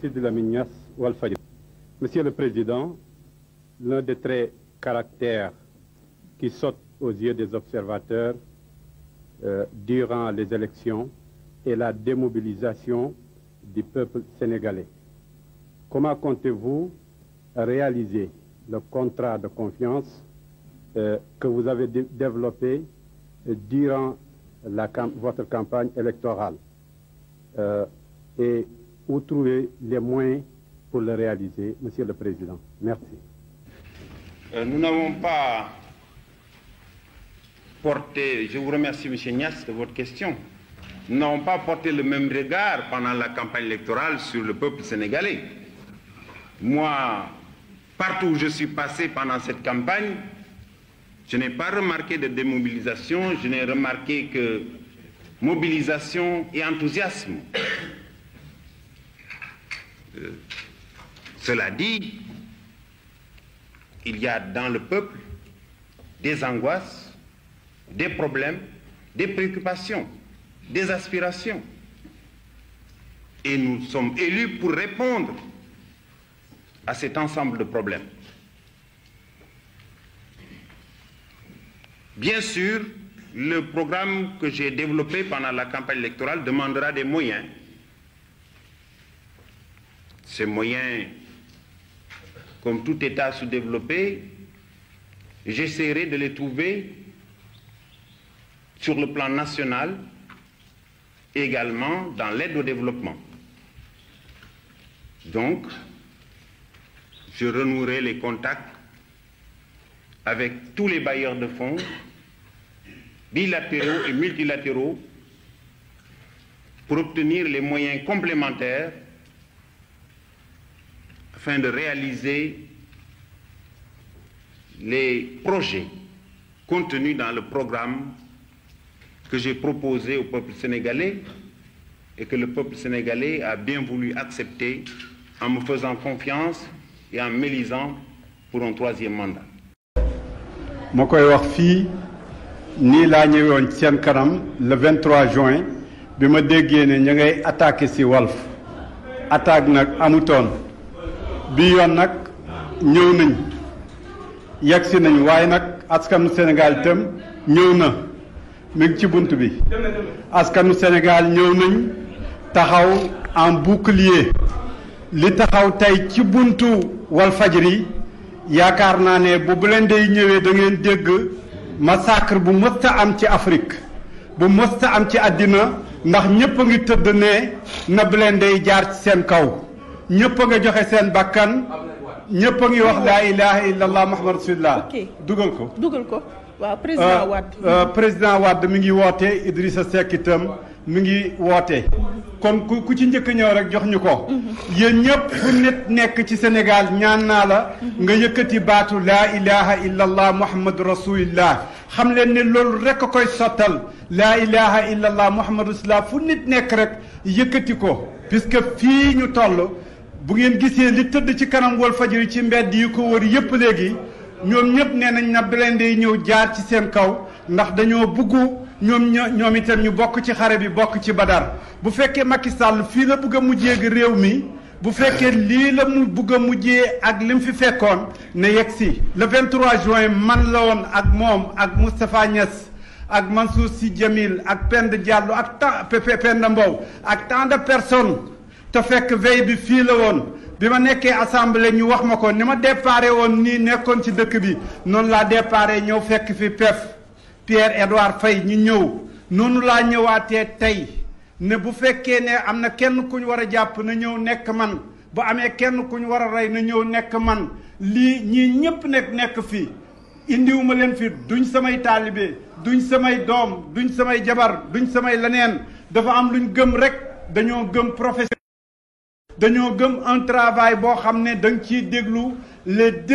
Sidi Lamine Walfadjri. Monsieur le Président, l'un des traits caractères qui saute aux yeux des observateurs euh, durant les élections est la démobilisation du peuple sénégalais. Comment comptez-vous réaliser le contrat de confiance euh, que vous avez développé euh, durant la, votre campagne électorale euh, ou trouver les moyens pour le Monsieur le Président. Merci. Euh, nous n'avons pas porté, je vous remercie Monsieur Nias de votre question, nous n'avons pas porté le même regard pendant la campagne électorale sur le peuple sénégalais. Moi, partout où je suis passé pendant cette campagne, je n'ai pas remarqué de démobilisation, je n'ai remarqué que mobilisation et enthousiasme. Euh, cela dit, il y a dans le peuple des angoisses, des problèmes, des préoccupations, des aspirations. Et nous sommes élus pour répondre à cet ensemble de problèmes. Bien sûr, le programme que j'ai développé pendant la campagne électorale demandera des moyens Ces moyens, comme tout État sous-développé, j'essaierai de les trouver sur le plan national, également dans l'aide au développement. Donc, je renouerai les contacts avec tous les bailleurs de fonds, bilatéraux et multilatéraux, pour obtenir les moyens complémentaires afin de réaliser les projets contenus dans le programme que j'ai proposé au peuple sénégalais et que le peuple sénégalais a bien voulu accepter en me faisant confiance et en m'élisant pour un troisième mandat. ma koy wax fii nii laa ñëwoon seen kanam le 23 juin bi ma déggee ne ña ngay attaqué ci Walf attaque nag amutoon. bi yoon nag ñëw nañ yegsi nañ waaye nag askanu Sénégal itam ñëw na mi ci bunt bi askanu Sénégal ñëw nañ taxaw en bouclier li taxaw tey ci buntu Walfadjri yaakaar naa ne bu bu leen day ñëwee da ngeen dégg massacre bu mësta am ci Afrique bu mësta am ci àddina ndax ñépp a ngi tëdd ne na bu leen day jaar ci seen kaw ñëpp nga joxe seen bakkan ñëpp a wax laa ilaha illallah muhammad rasulullah dugal ko dugal ko waaw président euh, Wade euh, président Wade mi ngi woote Idrissa Seck itam mi ngi woote kon ku ku ci njëkk ñëw rek jox ñu ko mhm. yéen ñëpp fu nit nekk ci Sénégal ñaan naa la mhm. nga yëkkati baatu laa ilaha illallah muhammadu rasulillah xam leen ne loolu rek a koy sottal laa ilaha illallah muhammadu rasulillah fu nit nekk rek yëkkati ko puisque fii ñu toll bu ngeen gisee li tëdd ci kanam yi ci mbedd yi ko wër yépp léegi ñoom ñëpp nee nañ na blindé yi ñëw jaar ci seen kaw ndax dañoo buggu ñoom ñoom itam ñu bokk ci xare bi bokk ci badar bu fekkee Macky Sall fii la bëgg a mujjee réew mi bu fekkee lii la mu bugg a mujjee ak li mu fi fekkoon ne yegg si le 23 juin man la woon ak moom ak Moustapha Niass ak Mansour Sy Djamil ak Penda Diallo ak tant Penda Mbow ak tant de personnes te fekk veille bi fii la woon bi ma nekkee assemblée ñu wax ma ko ni ma déparé woon nii nekkoon ci dëkk bi noonu laa déparé ñëw fekk fi PEF Pierre Edouard ñu ñëw noonu laa ñëwaatee tey ne bu fekkee ne am na kenn ku ñu war a jàpp na ñëw nekk man bu amee kenn ku ñu war a rey na ñëw nekk man lii ñii ñëpp nekk nekk fii indiwuma leen fi duñ samay taalibe duñ samay doom duñ samay jabar duñ samay leneen dafa luñ gëm rek dañoo gëm profession dañoo gëm un travail boo xam ne da nga ciy déglu les deux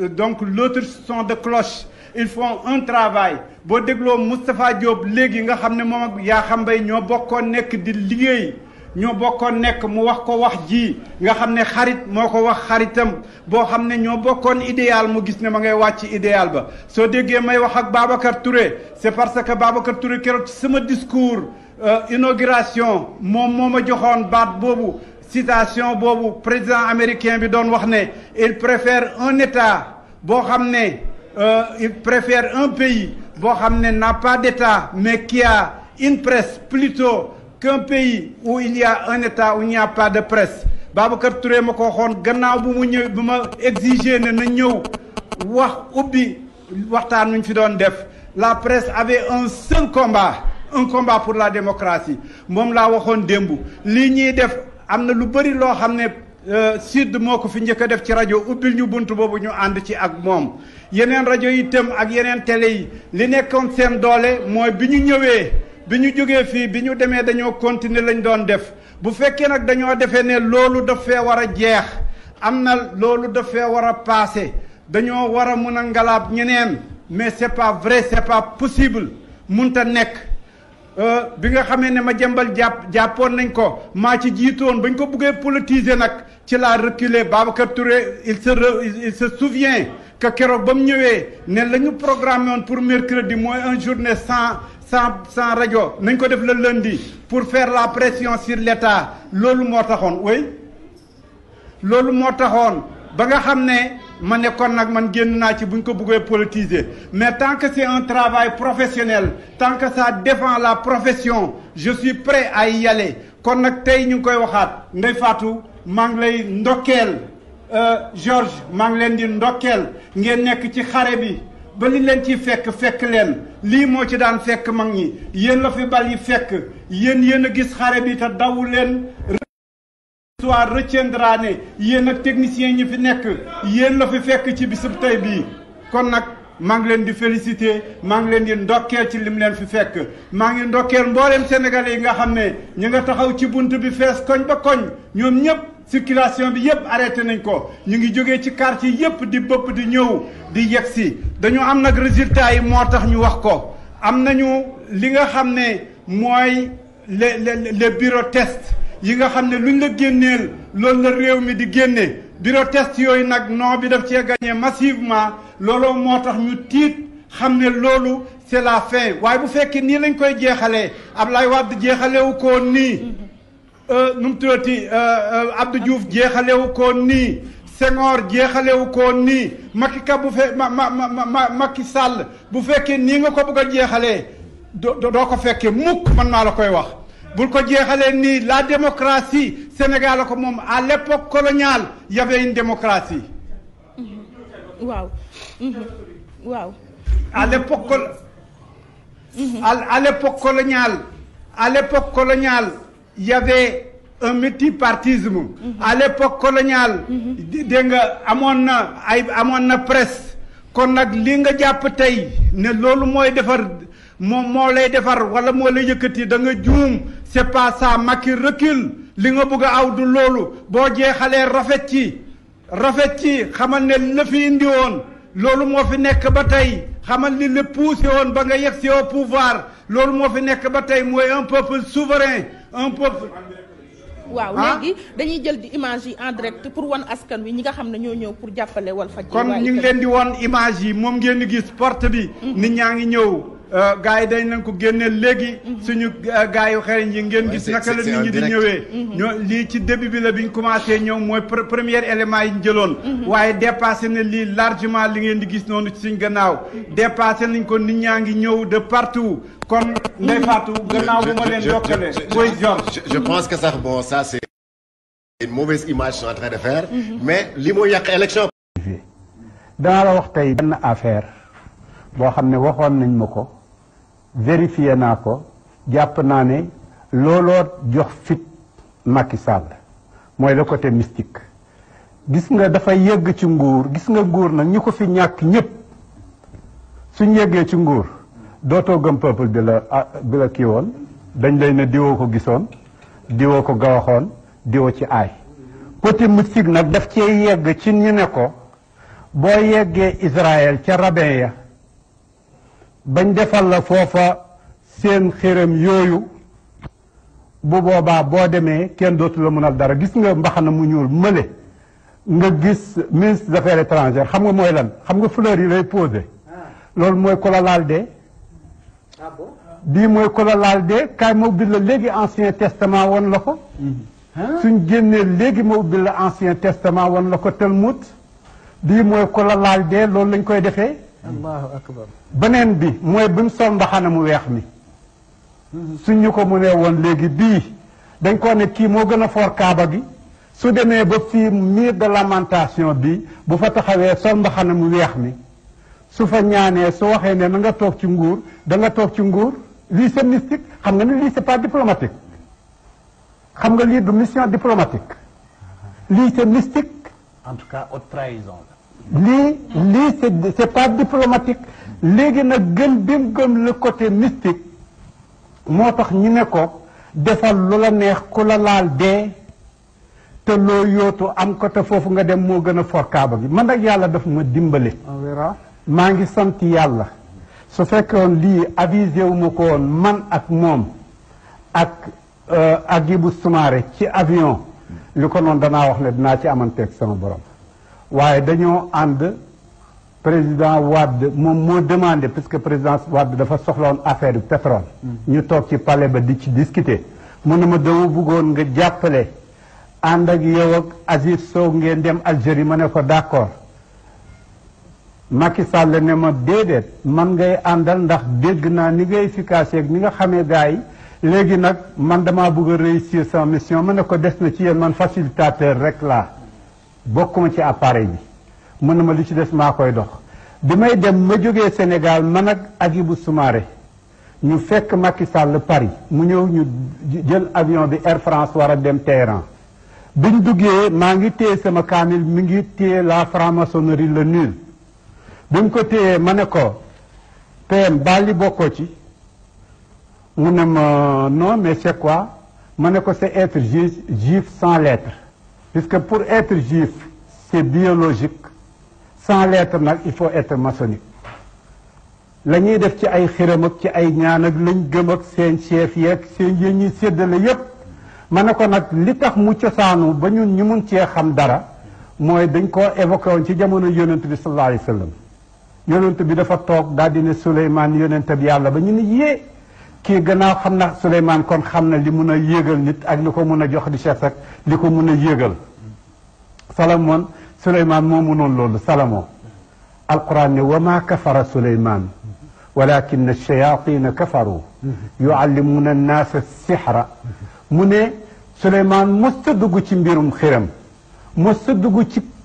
euh, donc l'autre son de cloche il font un travail boo dégloo Moustapha Diop léegi nga xam ne moom ak Yakham Mbaye ñoo bokkoon nekk di liggéey ñoo bokkoon nekk mu wax ko wax ji nga xam ne xarit moo ko wax xaritam boo xam ne ñoo bokkoon idéal mu gis ne ma ngay wàcc idéal ba soo déggee may wax ak Babacar Touré c'est parce que Babacar Touré keroot ci sama discours euh, inauguration moom moo ma joxoon baat boobu citation boobu président américain bi doon wax ne il préfère un état boo xam ne euh, il préfère un pays boo xam ne n'a pas d'état mais qui a une presse plutôt qu'un pays où il y a un état où il pas de presse Babacar Touré ma ko waxoon gannaaw bu mu ñëw bu ma exiger ne na ñëw wax ubbi waxtaan nuñ fi doon def la presse avait un seul combat un combat pour la démocratie moom laa waxoon démb lii ñuy def am na lu bëri loo xam ne euh, Sud moo ko fi njëkk a def ci rajo ubbil ñu bunt boobu ñu ànd ci ak moom yeneen rajo yi itam ak yeneen télé yi li nekkoon seen doole mooy bi ñu ñëwee bi ñu jógee fii bi ñu demee dañoo continuer lañ doon def bu fekkee nag dañoo defee ne loolu daf war a jeex am na loolu daf war a paase dañoo war a mun a ngalaab ñeneen mais c'est pas vrai c'est pas possible munta nekk Euh, bi nga xamee ne ma jëmbal jàpp jàppoon nañ ko maa ci jiitoon bañ ko buggee politiser nag ci la reculer Babacar Touré il se il se souvient que keroog ba mu ñëwee ne la programme programmé woon pour mercredi mooy un journée sans sans sans rajo nañ ko def le lundi pour fair la pression sur l'État loolu moo taxoon oui loolu moo taxoon ba nga xam ne. ma ne kon nag man génn naa ci bu ñu ko buggee politiser mais tant que c'est un travail professionnel tant que ça défend la profession je suis prêt à y kon nag tey ñu koy waxaat Ndeye Fatou maa ngi lay ndokkeel euh, Georges maa ngi leen di ndokkeel ngeen nekk ci xare bi ba li leen ci fekk fekk leen lii moo ci daan fekk mag ñi yéen la fi bal yi fekk yéen yéen a gis xare bi te dawu leen soit retiendra ne yéen ak technicien ñi fi nekk yéen la fi fekk ci bisub tey bii kon nag maa ngi leen di félicité maa ngi leen di ndokkeel ci lim leen fi fekk maa ngi ndokkeel mbooleem sénégalais yi nga xam ne ñi nga taxaw ci bunt bi fees koñ ba koñ ñoom ñëpp circulation bi yëpp arrêté nañ ko ñu ngi jógee ci quartier yëpp di bëpp di ñëw di yegg si dañu am nag résultat yi moo tax ñu wax ko am nañu li nga xam ne mooy le les bureaux test yi nga xam ne luñ la génnee loolu la réew mi di génne bureau test yooyu nag non bi daf cee gagné massivement looloo moo tax ñu tiit xam ne loolu c'est la fin waaye bu fekkee nii lañ koy jeexalee Ablaye Wade jeexalewu ko nii euh, nu mu tuddati euh, euh, Abdou Diouf jeexalewu ko nii Senghor jeexalewu ko nii makki Ka bu fe ma ma bu fekkee nii nga ko bëgg a jeexalee doo doo ko fekkee mukk man maa la koy wax. bul ko jeexalee nii la démocratie Sénégal ko moom à l'époque coloniale y avait une démocratie. Mm-hmm. waaw. Mm-hmm. waaw. à l'époque col. Mm-hmm. coloniale. à coloniale y un multipartisme. à coloniale. dégg amoon na ay amoon na presse. kon nag li nga jàpp tey ne loolu mooy defar. moom moo lay defar wala moo lay yëkkati da nga juum c'est pas ça Macky recule li nga bëgg a aw du loolu boo jeexalee rafet ci rafet ci xamal ne la fi indi woon loolu moo fi nekk ba tey xamal ni la poussé woon ba nga yegg si au pouvoir loolu moo fi nekk ba tey mooy un peuple souverain un peuple waaw ah? léegi dañuy jël di image yi en direct pour wan askan wi ñi nga xam ne ñoo ñëw pour jàppale wal kon ñu ngi leen di wan image yi moom ngeen di gis porte bi mm. nit ñaa ngi ñëw Euh, gars yi dañ leen ko génne léegi. suñu euh, gars yu xereñ yi ngeen gis naka la nit ñi di ñëwee. Mhm. ñoo lii ci début bi la bi ñu commencé ñëw mooy premier élément yi ñu jëloon. Mhm. waaye dépassé na lii largement li ngeen di gis noonu ci suñ gannaaw. dépassé nañ ko nit ñaa ngi ñëw de partout. kon Ndeye Fatou gannaaw bu ma leen jokkale. je pense que sax bon ça c'est une mauvaise image je en train de faire. Mhm. mais li moo yàq élection. danaa la wax tey benn affaire boo xam ne waxoon nañ ko. vérifié naa ko jàpp naa ne looloo jox fit Macky Sall mooy le côté mystique gis nga dafay yëg ci nguur gis nga nguur nag ñi ko fi ñàkk ñëpp suñ yëgee ci nguur dootoo gëm peuple bi la ah, bi la kii woon dañ lay ne diwoo ko gisoon diwoo ko gawaxoon diwoo ci aay côté mystique nag daf cee yegg ci ñu ne ko boo yeggee Israël ca raben ya bañ defal la foofa seen xërëm yooyu bu boobaa boo demee kenn dootu la mënal dara gis nga mbaxana mu ñuul mële nga gis ministre des affaires xam nga mooy lan xam nga fleur yi lay posé ah. loolu mooy ku la laal dee ah bii mooy ku la laal dee kaay ma ubbil la léegi ancien testament woon la ko mm-hmm. ah. suñ génnee léegi ma ubbil la ancien testament woon la ko Talmud bii mooy ku la laal dee loolu lañ koy defee beneen bi mooy bi mu sol mbaxana mu weex mi su ñu ko mu nee woon léegi bii dañ ko ne kii moo gën a foor kaaba gi su demee ba fii mur de lamentation bi bu fa taxawee sol mbaxana mu weex mi su fa ñaanee su waxee ne na nga toog ci nguur da nga toog ci nguur lii c'est mystique xam nga ni lii c'est pas diplomatique xam nga lii du mission diplomatique lii c'est mystique en tout cas haute trahison lii lii c'est c'est pas diplomatique léegi nag gën bi mu gëm le côté mystique moo tax ñu ne ko defal lu la neex ku la laal dee te loo yootu am ko te foofu nga dem moo gën a for gi man ak yàlla daf ma dimbali maa ngi sant yàlla su fekkoon lii avisé wu ko woon man ak moom ak euh, ak bu Soumaré ci avion li ko noon danaa wax ne dinaa ci amanteeg sama borom waaye dañoo ànd président Wade moom moo demandé puisque président Wade dafa soxloon affaire yu pétrole. Mm. ñu toog ci pale ba di ci discuter. mu ne ma dama bëggoon nga jàppale ànd ak yow ak Aziz Sow ngeen dem Algérie ma ne ko d'accord Macky Sall ne ma déedéet man ngay àndal ndax dégg naa ni ngay efficace ak ni nga xamee gars yi léegi nag man damaa bëgg a réussir sama mission ma ne ko des na ci yéen man facilitateur rek laa. bokkuma ci appareil bi mën na ma li ci des maa koy dox bi may dem ma jógee Sénégal man ak Hadjibou Soumaré ñu fekk Macky sàll Paris mu ñëw ñu jël avion bi Air France war a dem Téhéran biñ duggee maa ngi téye sama kaamil mi ngi téye la franc-maçonnerie le nul bi mu ko téyee ma ne ko PM baal li bokkoo ci mu ne ma non mais c'est quoi ma ne ko c'est être juif sans lettre puisque pour être juif c'est biologique sans l'être nag il faut être maçonnique la def ci ay xiram ak ci ay ñaan ak lañ gëm ak seen chef yeeg seen yéen ñuy séddale yépp ma ne ko nag li tax mu cosaanu ba ñun ñu mun cee xam dara mooy dañ ko évoqué woon ci jamono yonent bi sallallahu alayhi yonent bi dafa toog daal Suleymaan yonent bi yàlla ba ñu ne yée kii gannaaw xam na Souleymane kon xam na li mun a yéegal nit ak li ko mun a jox di chef ak li ko mun a yéegal Salomon Souleymane moo munoon loolu Salomon alquran ne wa maa kafara Souleymane walakin ash-shayatina kafaru yuallimuna an-naasa sixra mu ne Souleymane mos a dugg ci mbirum xiram mos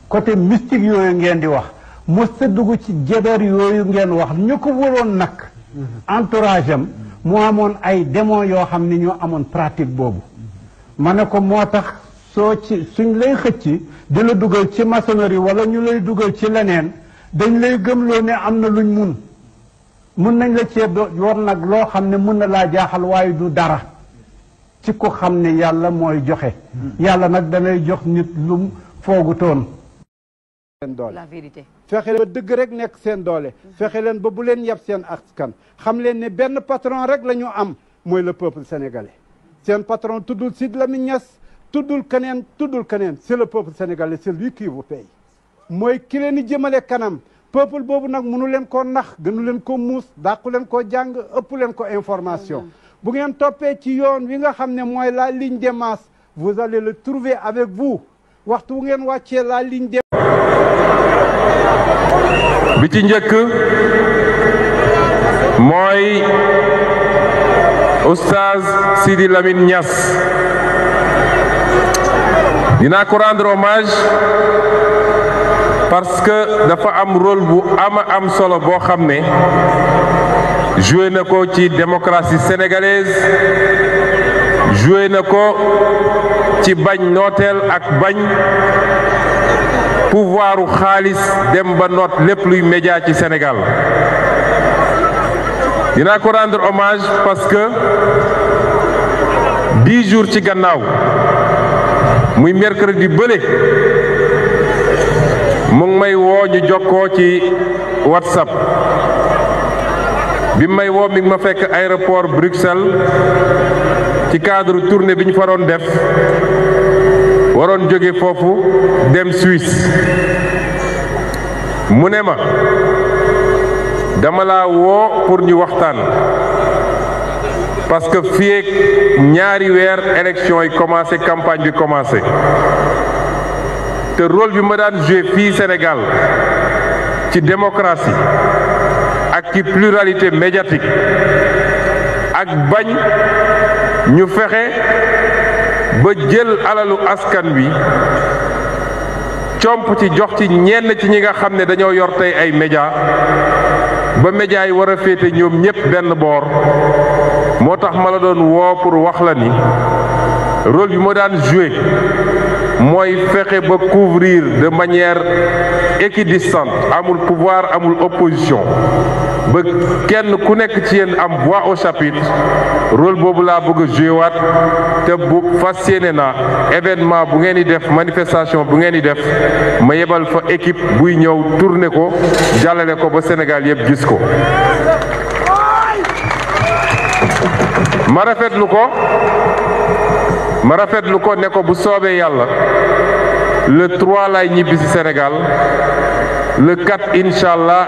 côté mystique yooyu ngeen di wax mos a dugg ci jabar yooyu ngeen wax ñu ko wëroon nag mm-hmm. entourage mu amoon ay démon yoo xam ne ñoo amoon pratique boobu ma ne ko moo tax soo ci suñ lay xëcc di la dugal ci maçonnerie wala ñu lay dugal ci leneen dañ lay gëmloo ne am na luñ mun mun nañ la ceeb war nag loo xam ne mun na laa jaaxal waaye du dara ci ko xam ne yàlla mooy joxe mm. yàlla nag danay jox nit lum foogutoon la vérité fexe leen ba dëgg rek nekk seen doole fexe leen ba bu leen yab seen kan xam leen ne benn patron rek la am mooy le peuple sénégalais seen patron tuddul Sidy mi Niass tuddul keneen tuddul keneen c'est le peuple sénégalais c'est lui qui vous paye mooy ki leen di jëmale kanam peuple boobu nag munu leen koo nax gënu leen ko muus dàqu leen ko jàng ëpp leen ko information bu ngeen toppee ci yoon wi nga xam ne mooy la ligne des masses vous allez le trouver avec vous waxtu bu ngeen wàccee la ligne des bi ci njëkk mooy oustaz Sidi Lamine Niass dinaa ko rendre hommage parce que dafa am rôle bu ama am solo boo xam ne joué na ko ci démocratie sénégalaise joué na ko ci bañ nooteel ak bañ pouvoiru xaalis dem ba noot lépp luy média ci senegal dinaa ko rendre hommage parce que dix jours ci gannaaw muy mercredi bële mu may woo ñu jokkoo ci whatsapp bi may woo mi ngi ma fekk aéroport Bruxelles ci cadre tournée bi ñu fa doon def waroon jóge foofu dem Suisse mu ne ma dama la woo pour ñu waxtaan parce que fii ñaari weer élection yi commencé campagne bi commencé te rôle bi ma daan joué fii Sénégal ci démocratie ak ci pluralité médiatique ak bañ ñu fexe. ba jël alalu askan wi comp ci jox ci ñenn ci ñi nga xam ne dañoo yor tey ay média ba média yi war a féete ñoom ñépp benn boor moo tax ma la doon woo pour wax la ni rôle bi moo daan joué mooy fexe ba couvrir de manière équidistante amul pouvoir amul opposition ba kenn ku nekk ci yenn am voix au chapitre rôle boobu laa bëgg a waat te bu fas yéene naa événement bu ngeen di def manifestation bu ngeen di def ma yebal fa équipe buy ñëw tourné ko jàllale ko ba Sénégal yëpp gis ko. ma rafetlu ko ma rafetlu ko ne ko bu soobee yàlla le 3 lay ñibbisi si le 4 incha allah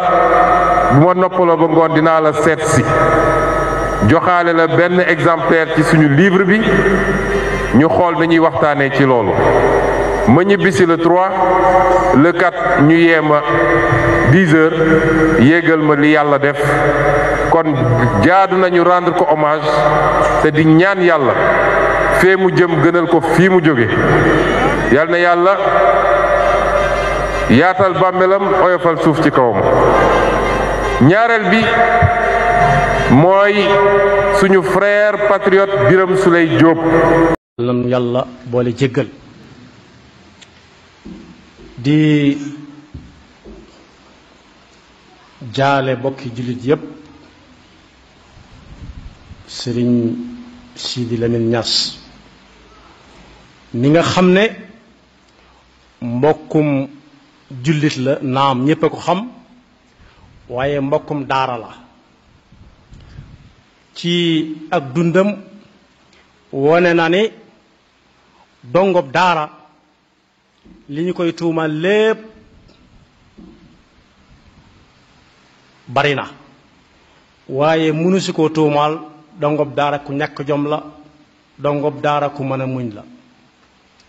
bu ma noppaloo ba ngoon dinaa la seet si joxaale la benn exemplaire ci suñu livre bi ñu xool nañuy waxtaanee ci loolu ma ñibbisi le trois le ñu yeema 10 heures yéegal ma li yàlla def kon jaadu nañu rendre ko hommage te di ñaan yàlla fee mu jëm gënal ko fii mu jóge yal na yàlla yaatal bàmmeelam oyofal suuf ci kawam ñaareel bi mooy suñu frère patriote Birame Souleye Diop. lan yàlla boole jéggal di jaale bokki jullit yépp sëriñ Sidi Lamine Niass ni nga xam ne mbokkum jullit la naam ñépp a ko xam waaye mbokkum daara la ci ak dundam wone na ni dongob daara li ñu koy tuumal lépp bari na waaye mënu si koo tuumaal dongob daara ku ñàkk jom la dongob daara ku mën a muñ la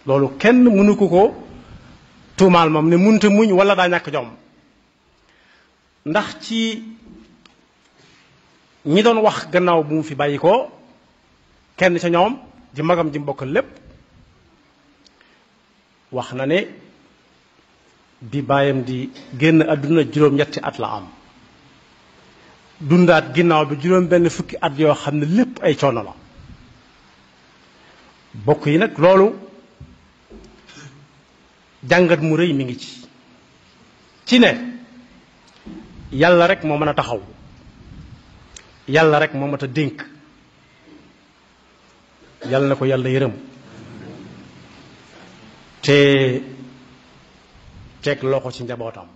loolu kenn mënu ko ko tuumaal moom ne munta muñ wala daa ñàkk jom ndax ci ñi doon wax gannaaw bu mu fi bàyyi ko kenn ca ñoom di magam ji mbokkal lépp wax na ne bi bàyyam di génn àdduna juróom-ñetti at la am dundaat ginnaaw bi juróom benn fukki at yoo xam ne lépp ay coono la bokk yi nag loolu jàngat mu rëy mi ngi ci ci ne yàlla rek moo mën a taxaw yàlla rek moo mën a dénk yàlla na ko yàlla yërëm te teg loxo ci njabootam